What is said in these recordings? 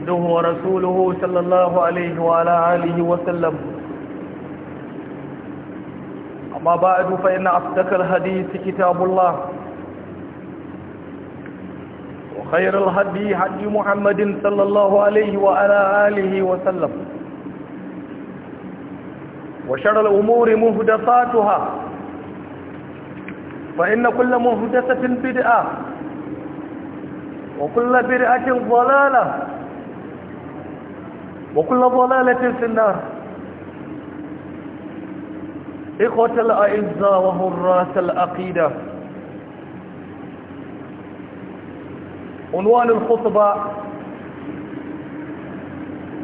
عبده ورسوله صلى الله عليه وعلى آله وسلم أما بعد فإن أصدق الحديث كتاب الله وخير الهدي هدي محمد صلى الله عليه وعلى آله وسلم وشر الأمور مهدساتها فإن كل مهدسة بدعة وكل برئة ضلالة وكل ضلالة في النار إخوة الأعزاء وهراس العقيدة عنوان الخطبة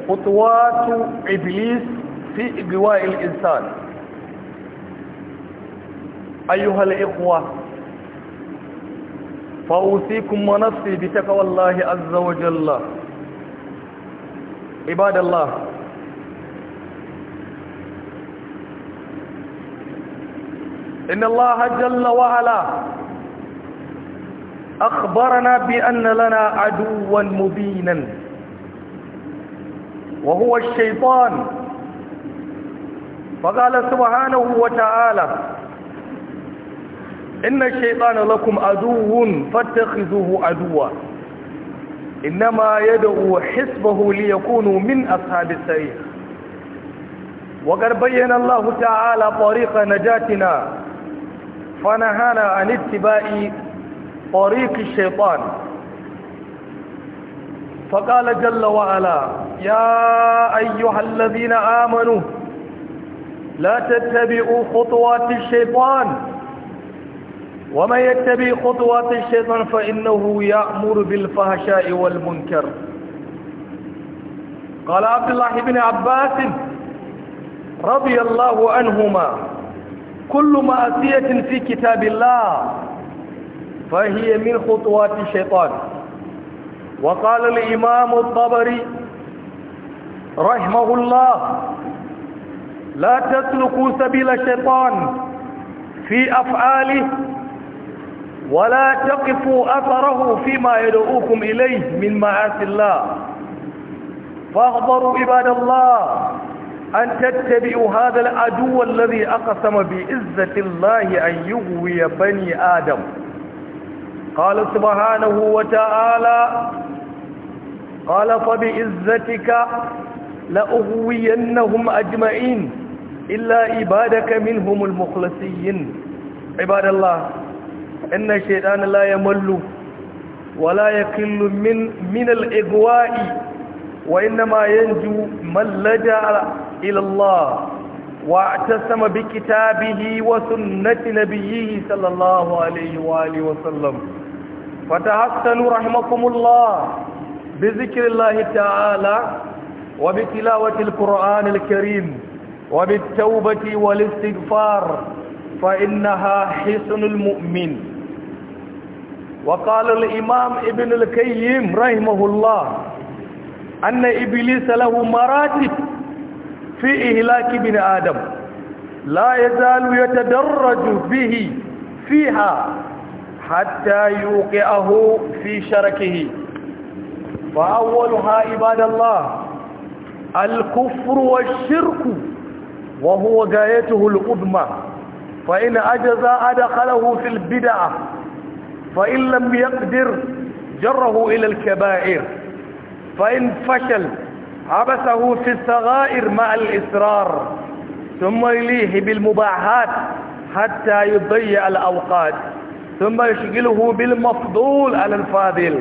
خطوات إبليس في إغواء الإنسان أيها الإخوة فأوصيكم ونفسي بتقوى الله عز وجل عباد الله إن الله جل وعلا أخبرنا بأن لنا عدوا مبينا وهو الشيطان فقال سبحانه وتعالى إن الشيطان لكم عدو فاتخذوه عدوا إنما يدعو حسبه ليكونوا من أصحاب السعيد وقد بين الله تعالى طريق نجاتنا فنهانا عن اتباع طريق الشيطان فقال جل وعلا يا أيها الذين آمنوا لا تتبعوا خطوات الشيطان ومن يتبع خطوات الشيطان فإنه يأمر بالفحشاء والمنكر قال عبد الله بن عباس رضي الله عنهما كل معصية في كتاب الله فهي من خطوات الشيطان وقال الإمام الطبري رحمه الله لا تسلكوا سبيل الشيطان في أفعاله ولا تقفوا أثره فيما يدعوكم إليه من معاصي الله فاحذروا عباد الله أن تتبعوا هذا العدو الذي أقسم بإزة الله أن يغوي بني آدم قال سبحانه وتعالى قال فبإزتك لأغوينهم أجمعين إلا عبادك منهم المخلصين عباد الله إن الشيطان لا يمل ولا يقل من من الإغواء وإنما ينجو من لجأ إلى الله واعتصم بكتابه وسنة نبيه صلى الله عليه وآله وسلم فتحسنوا رحمكم الله بذكر الله تعالى وبتلاوة القرآن الكريم وبالتوبة والاستغفار فإنها حسن المؤمن وقال الإمام ابن الكيم رحمه الله أن إبليس له مراتب في إهلاك ابن آدم لا يزال يتدرج به فيها حتى يوقعه في شركه فأولها عباد الله الكفر والشرك وهو غايته العظمى فإن أجزى أدخله في البدعة فإن لم يقدر جره إلى الكبائر فإن فشل عبسه في الصغائر مع الإصرار ثم يليه بالمباحات حتى يضيع الأوقات ثم يشغله بالمفضول على الفاضل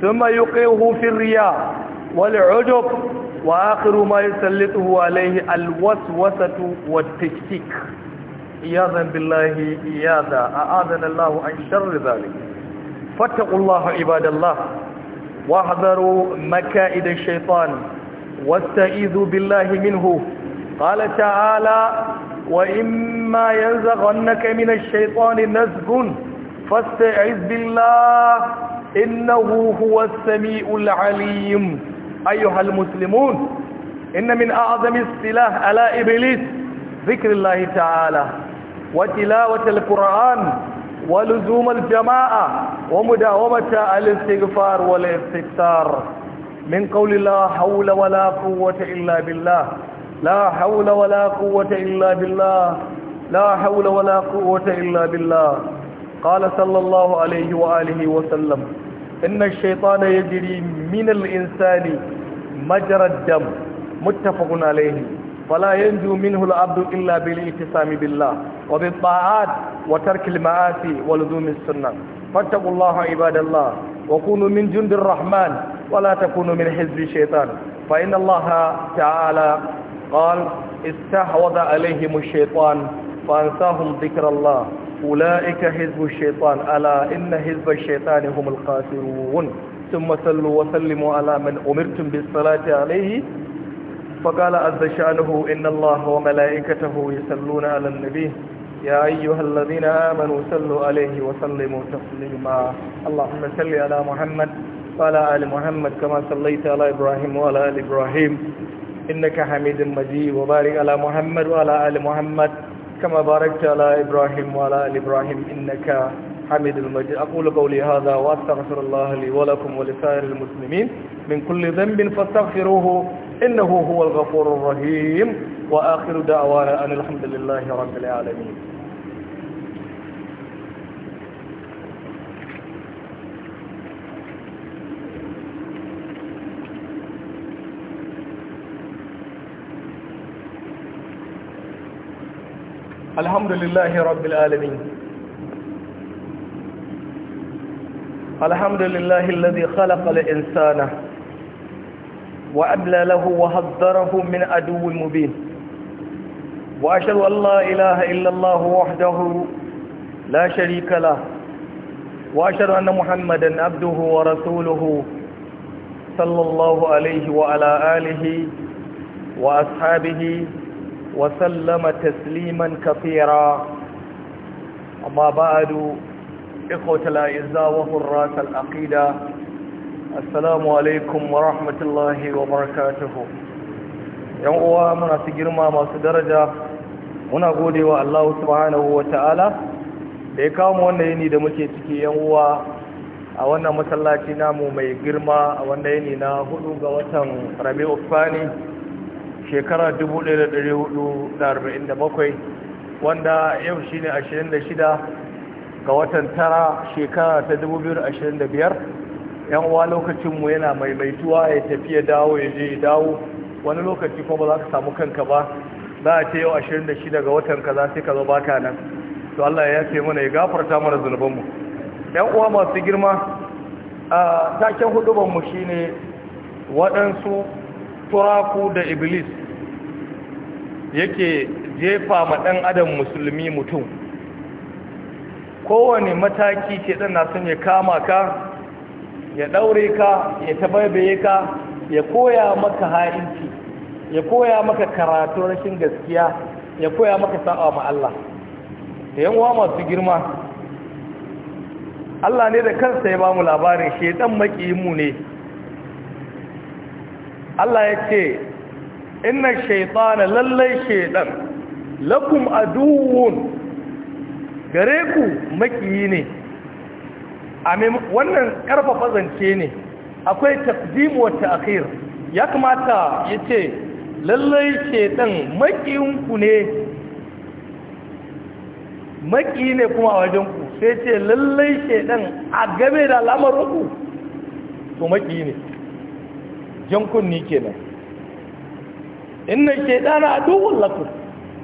ثم يقيه في الرياء والعجب وآخر ما يسلطه عليه الوسوسة والتشتيك إياذا بالله إياذا أعاذنا الله عن شر ذلك فاتقوا الله عباد الله واحذروا مكائد الشيطان واستعيذوا بالله منه قال تعالى وإما ينزغنك من الشيطان نزغ فاستعذ بالله إنه هو السميع العليم أيها المسلمون إن من أعظم السلاح على إبليس ذكر الله تعالى وتلاوة القرآن ولزوم الجماعة ومداومة الاستغفار والاستكثار من قول لا حول ولا قوة إلا بالله لا حول ولا قوة إلا بالله لا حول ولا قوة إلا بالله قال صلى الله عليه وآله وسلم إن الشيطان يجري من الإنسان مجرى الدم متفق عليه فلا ينجو منه العبد إلا بالاتصام بالله وبالطاعات وترك المعاصي ولزوم السنة فاتقوا الله عباد الله وكونوا من جند الرحمن ولا تكونوا من حزب الشيطان فإن الله تعالى قال استحوذ عليهم الشيطان فأنساهم ذكر الله أولئك حزب الشيطان ألا إن حزب الشيطان هم الخاسرون ثم صلوا وسلموا على من أمرتم بالصلاة عليه فقال عز شأنه إن الله وملائكته يصلون على النبي يا أيها الذين آمنوا صلوا عليه وسلموا تسليما اللهم صل على محمد وعلى آل محمد كما صليت على إبراهيم وعلى آل إبراهيم إنك حميد مجيد وبارك على محمد وعلى آل محمد كما باركت على إبراهيم وعلى آل إبراهيم إنك حميد المجيد أقول قولي هذا وأستغفر الله لي ولكم ولسائر المسلمين من كل ذنب فاستغفروه إنه هو الغفور الرحيم وآخر دعوانا أن الحمد لله رب العالمين الحمد لله رب العالمين الحمد لله الذي خلق الإنسان وأبلى له وهذره من عدو مبين وأشهد أن لا إله إلا الله وحده لا شريك له وأشهد أن محمدا عبده ورسوله صلى الله عليه وعلى آله وأصحابه وسلم تسليما كثيرا أما بعد إخوة الأعزاء وحراس العقيدة assalamu alaikum wa rahmatullahi wa barakatuhu yan uwa muna su girma masu daraja muna gode wa Allah subhanahu wa ta'ala da ya kawo wannan yini da muke ciki yan uwa a wannan masallaci namu mai girma a wannan yini na hudu ga watan Rabi'u Thani shekara 1447 wanda yau shine 26 ga watan tara shekara ta 2025 yan uwa lokacin mu yana maimaituwa ya tafi ya dawo ya je ya dawo wani lokaci kuma ba za ka samu kanka ba za a ce yau 26 ga watan kaza sai ka zo baka nan to Allah ya ce mana ya gafarta mana zunubanmu. mu yan uwa masu girma a taken huduban mu shine waɗansu turaku da iblis yake jefa ma ɗan adam musulmi mutum kowane mataki ke ɗan na son ya kama ka ya daure ka ya tabaibaye ka ya koya maka ha'inci ya koya maka karatu rashin gaskiya ya koya maka sa'a ma Allah da yan uwa masu girma Allah ne da kansa ya ba mu labarin shedan mu ne Allah ya ce inna shaytana lallai shedan lakum aduwwun gare ku makiyi ne a wannan karfafa zance ne akwai taqdimu wa ta'khir ya kamata yace lallai shedan makiyinku ne maki ne kuma a wajen ku sai ce lallai shedan a game da lamarinku to maki ne jankunni kenan inna a aduwwun lakum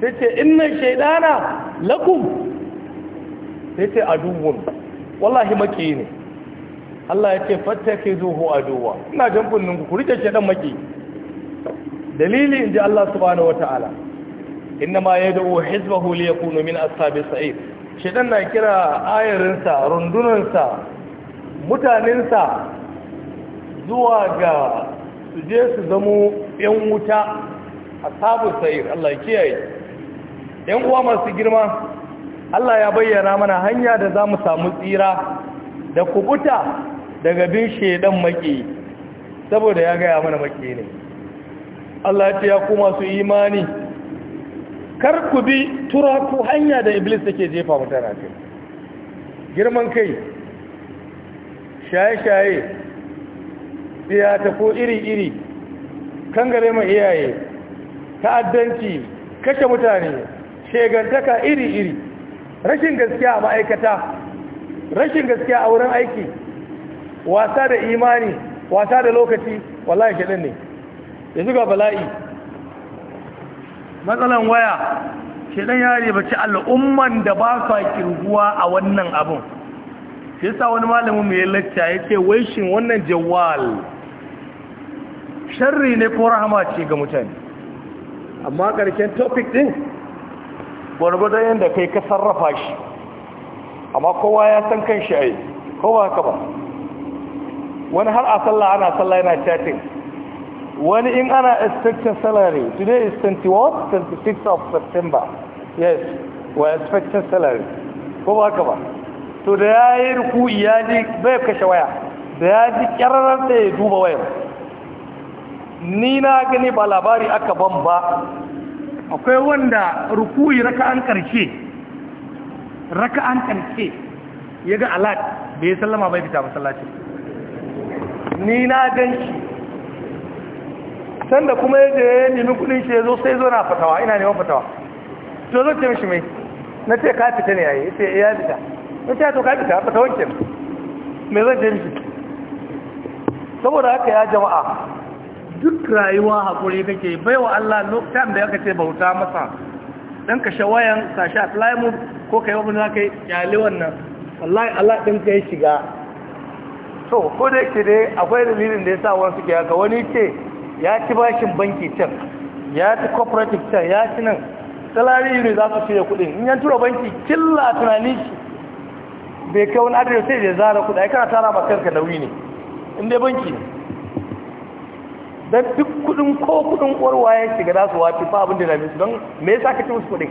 sai ce inna shedana lakum sai ce aduwwun wallahi maki ne Allah ya ce fattake zuhu duwa ina jan kunnin ku rike dan maki dalili inji Allah subhanahu wataala ya yad'u hizbahu yakunu min ashabi sa'id shedan na kira ayarinsa rundunansa mutanensa zuwa ga su je su zamo yan wuta ashabu sa'id Allah ya kiyaye yan uwa masu girma Allah ya bayyana mana hanya da za mu samu tsira da kubuta daga bin shaidan maki saboda ya gaya mana maki ne Allah ce ya kuma su imani kar ku bi ku hanya da iblis take jefa mu tana girman kai shaye-shaye ta ko iri-iri kangare mai iyaye ta'addanci kashe mutane shegantaka iri-iri rashin gaskiya a ma'aikata rashin gaskiya a wurin aiki wasa da imani wasa da lokaci wallahi shaɗin ne yanzu ga bala'i matsalan waya shaɗin ya ribaci al'umman da ba sa kirguwa a wannan abin shi sa wani malamin mai lacca ya ce wai wannan jawal sharri ne ko rahama ce ga mutane amma ƙarshen topic ɗin gwargwadon yadda kai ka sarrafa shi amma kowa ya san kan shi ai kowa haka ba wani har a sallah ana sallah yana chatting wani in ana expected salary today is 21 26 of september yes we are expected salary kowa haka ba to da ya yi ruku ya ji bai kashe waya da ya ji kyararren da ya duba wayar ni na gani ba labari aka ban ba akwai wanda rukuyi raka'an karshe raka'an karshe ya ga alat da ya sallama bai fita masallacin ni na gan shi sanda kuma ya je ya nemi kudin shi ya zo sai zo na fatawa ina neman fatawa to zo ce mishi mai na ce ka fita ne yi sai eh, ya fita na ce ah, to ka fita fatawan ke mai zan ce mishi saboda haka ya jama'a duk rayuwa haƙuri kake bai wa Allah lokacin da aka ce bauta masa don ka shawayan sashi a tsalamu ko ka yi wani za ka yi kyale wannan wallahi Allah ɗin ka yi shiga to ko da yake dai akwai dalilin da ya sa wani suke haka wani ce ya ci bashin banki can ya ci cooperative can ya ci nan salari ne za su shirya kuɗin in yan tura banki killa tunani shi bai kai wani adres da da zara kuɗa ya kana tara ma kanka nauyi ne in dai banki ne dan duk kudin ko kudin kwarwa ya shiga za su wafi fa abin da dame su don me ya sake cin su kudin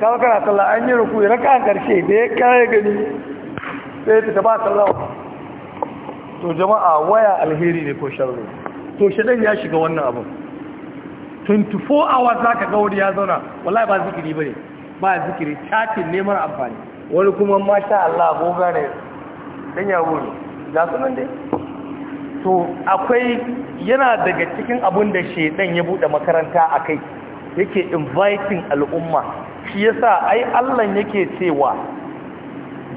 kawo kana sallah an yi ruku raka an karshe da ya kare gani sai ta ba sallah to jama'a waya alheri ne ko sharri to dan ya shiga wannan abin 24 hours za ga wani ya zauna wallahi ba zikiri ba ne, ba zikiri chatin ne mara amfani wani kuma masha Allah ko gane. dan ya ne ga sunan dai to akwai yana daga cikin abun da shedan ya bude makaranta akai yake inviting al'umma shi yasa ai Allah yake cewa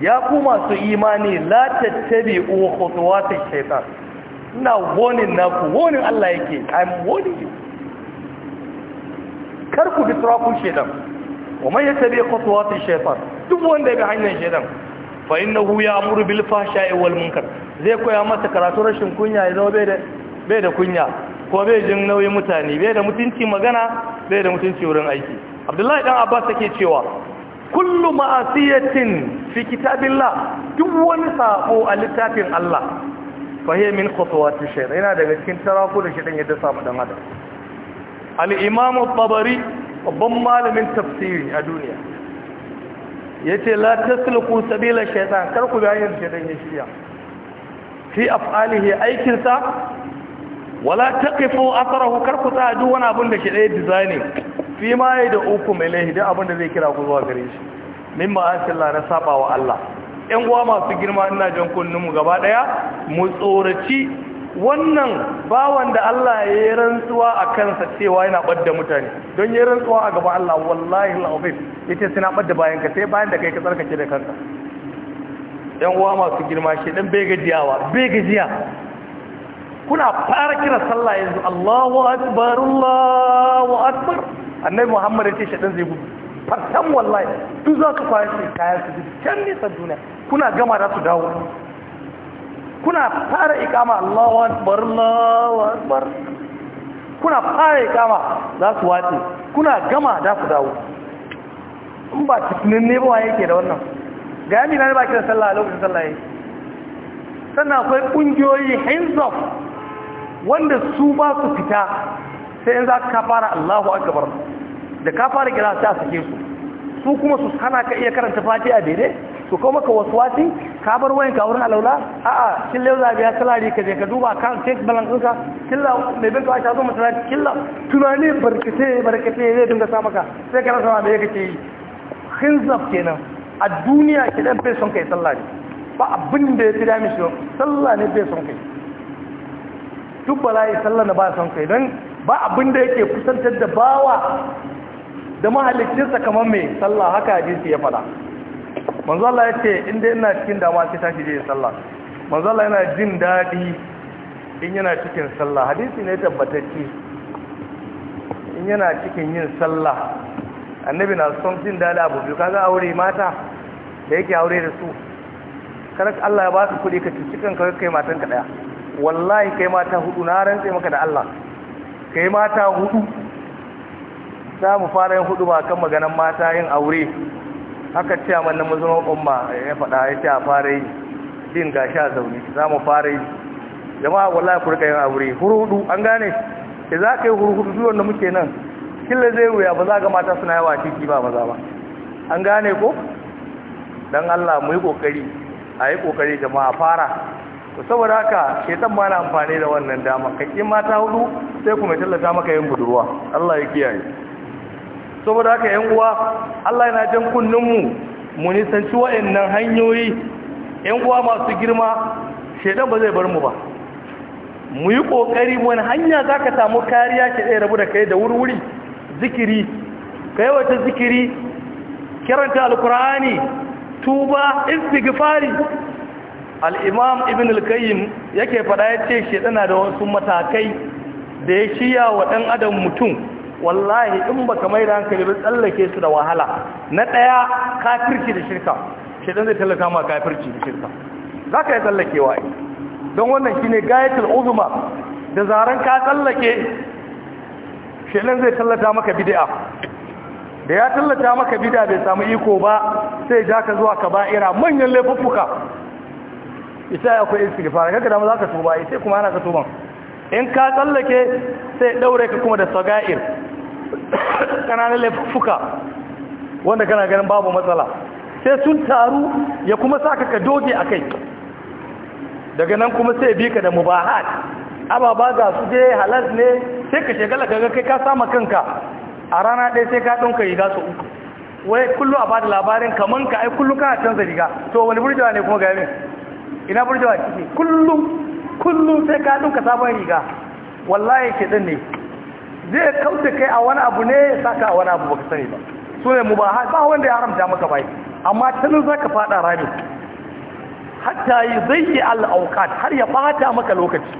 ya ku masu imani la tattabi'u khutuwatish shaytan ina warning naku warning Allah yake i'm warning you kar ku bi turakun shedan wa man yattabi khutuwatish shaytan duk wanda ya bi hanyar shedan fa ya ya'muru bil fahsha'i wal munkar zai koya masa karatu rashin kunya ya zama bai da kunya ko bai jin nauyin mutane bai da mutunci magana bai da mutunci wurin aiki abdullahi dan abbas yake cewa kullu ma'asiyatin fi kitabillah duk wani sako a littafin Allah fa hiya min khutuwati shaytan yana daga cikin tarako da shaytan yadda samu dan adam al-imam at-tabari babban malamin tafsiri a duniya ya la ku sabila shaytan kar ku ga da ya shiya fi af'alihi aikin sa wala taqifu atharahu kar ku tsaya duk wani abin da ke da designing fi ma da uku mai ilaihi da abin da zai kira ku zuwa gare shi min ma'asillah na saba wa Allah ƴan uwa masu girma ina jan mu gaba daya mu tsoraci wannan bawan da Allah ya yi rantsuwa a kansa cewa yana ɓadda mutane don yi rantsuwa a gaba Allah wallahi la'ubin ya ce suna ɓadda bayan ka sai bayan da kai ka tsarkake da kanka ɗan uwa masu girma shi ɗan bai gajiyawa bai gajiya kuna fara kira sallah yanzu Allahu akbar Allahu akbar annabi Muhammad ya ce shi ɗan zai gudu fartan wallahi duk za su kwashe kayan su can nisa duniya kuna gama da su dawo kuna fara ikama Allahu akbar Allahu akbar kuna fara ikama za su wace kuna gama da ku dawo in ba kitinin ne ba yake da wannan ga yami na ne ba kira sallah a lokacin sallah yake sannan akwai kungiyoyi hands off wanda su ba su fita sai in za ka fara Allahu akbar da ka fara kira sai a sake su su kuma su hana ka iya karanta fatiha daidai to ko maka waswasi ka bar wayan ka wurin alaula a'a kin lewa za biya salari ka je ka duba kan check balance ɗinka killa mai bin ka ta zo masallaci killa tunani barkate barkate zai dinga sa samaka, sai ka rasa me kake yi khinzaf kenan a duniya ki dan bai son kai sallah ne ba abin da ya fi dami shi sallah ne bai son kai duk bala'i sallah na ba son kai don ba abin da yake kusantar da bawa da mahalicinsa kamar mai sallah haka hadisi ya fada manzo Allah ya ce inda ina cikin damuwa sai tashi je sallah manzo Allah yana jin dadi in yana cikin sallah hadisi ne tabbatacce in yana cikin yin sallah annabi na son jin dadi abu biyu kaga aure mata da yake aure da su kar Allah ya baka kuɗi ka cikin kanka kai matan ka daya wallahi kai mata hudu na rantse maka da Allah kai mata hudu za fara yin hudu ba kan maganan mata yin aure haka ce amma nan musulman umma ya faɗa ya ce a fara yi din ga sha zaune za mu fara yi jama'a wallahi ku rika yin aure hurhudu an gane ke za ka yi hurhudu duk wanda muke nan killa zai wuya ba za ga mata suna yawa titi ba maza ba an gane ko dan Allah mu yi kokari a yi kokari jama'a fara to saboda haka shetan ba na amfani da wannan dama kakin mata hudu sai kuma tallata maka yin budurwa Allah ya kiyaye saboda haka yan uwa Allah yana jan kunninmu mu nisanci wa'annan hanyoyi yan uwa masu girma shedan ba zai bar mu ba mu yi kokari wani hanya zaka samu kariya ke ɗaya rabu da kai da wurwuri zikiri kai wata zikiri kiranta alkur'ani tuba istighfari al-imam ibn al-qayyim yake fada yace shedana da wasu matakai da ya shiya wa dan adam mutum wallahi in baka mai da hankali ba tsallake su da wahala na ɗaya kafirci da shirka shaidan zai tallaka ma kafirci da shirka za ka yi tsallakewa don wannan shi ne gayatul uzuma da zaren ka tsallake shaidan zai tallata maka bid'a da ya tallata maka bid'a bai samu iko ba sai ja ka zuwa ka ba'ira manyan laifuffuka isa akwai istighfar kaga da ma za ka tuba sai kuma ana ka tuban in ka tsallake sai daure ka kuma da sagair kananan laifuka wanda kana ganin babu matsala sai sun taru ya kuma saka ka doge a kai daga nan kuma sai bi ka da mubahat ababa ga su je halas ne sai ka shekala kaga kai ka sama kanka a rana ɗaya sai ka ɗinka riga su uku wai kullu a bada labarin kamar ka ai kullu kana canza riga to wani burjewa ne kuma gami ina burjewa ciki kullum kullum sai ka ɗinka sabon riga wallahi ke ɗin ne zai kauta kai a wani abu ne ya saka a wani abu baka sani ba su ne mu ba ba wanda ya haramta maka bai amma tanin za ka fada rami hatta yi zai al'aukat har ya fata maka lokaci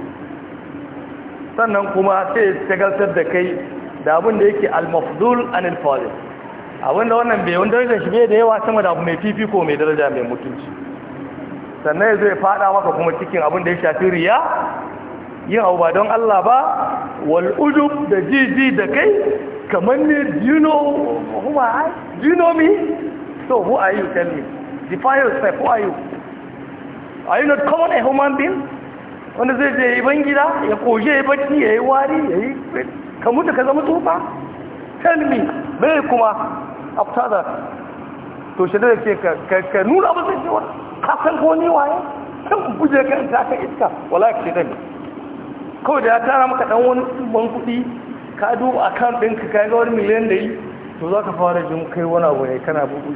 sannan kuma sai shagaltar da kai da abin da yake al-mafdul anil fadil da wannan bai wanda darajar shi bai da yawa sama da abu mai fifiko mai daraja mai mutunci sannan zai fada maka kuma cikin abin da ya shafi riya yin abu ba don Allah ba wal ujub da jiji da kai kamar ne do you know who I do you know me so who are you tell me define yourself who are you are you not common a human being wanda zai je yi ban gida ya koje ya bacci ya yi wari ya yi ka mutu ka zama tsufa tell me me kuma after that to shi da ke ka nuna ba zai cewa ka san ko ni waye kan buje kan ta ka iska wala ka ce kawai da ya tara maka dan wani ban kuɗi ka duba kan ɗinka ka ga wani miliyan da yi to za ka fara jin kai wani abu ne kana buɗi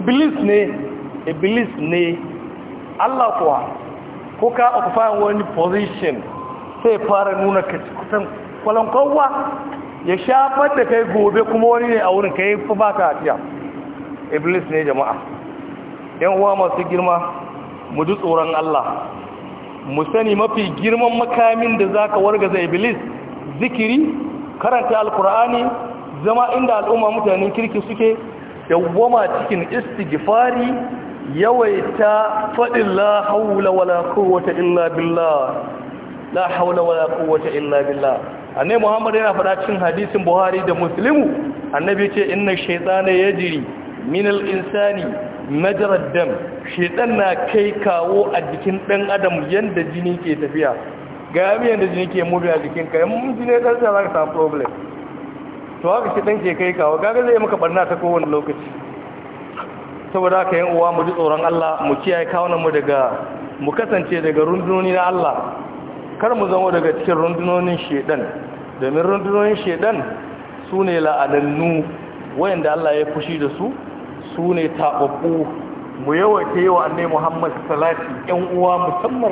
iblis ne iblis ne allah kuwa ko ka occupy wani position sai fara nuna ka kusan kwalankwanwa ya shafar da kai gobe kuma wani ne a wurin kai fi ba ka hatiya iblis ne jama'a yan uwa masu girma mu ji tsoron allah mu sani mafi girman makamin da zaka wargaza iblis zikiri karanta alkur'ani zama inda al'umma mutanen kirki suke dawwama cikin istighfari yawaita faɗin la haula wala quwwata illa billah la haula wala quwwata illa billah annabi muhammad yana faɗa cikin hadisin buhari da muslimu annabi ce inna shaytana yajri min al-insani majra ad-dam shedan na kai kawo a jikin dan adam yadda jini ke tafiya ga yami yadda jini ke mubi a jikin ka yamma jini ya za ka samu problem to haka shedan ke kai kawo gaga zai maka barna ta kowane lokaci saboda ka yi uwa mu ji tsoron Allah mu kiyaye kawunan mu daga mu kasance daga rundunoni na Allah kar mu zama daga cikin rundunonin shedan domin rundunonin shedan su ne la'anannu wayanda Allah ya fushi da su su ne taɓaɓɓu mu yawaita yi wa annai muhammad salati yan uwa musamman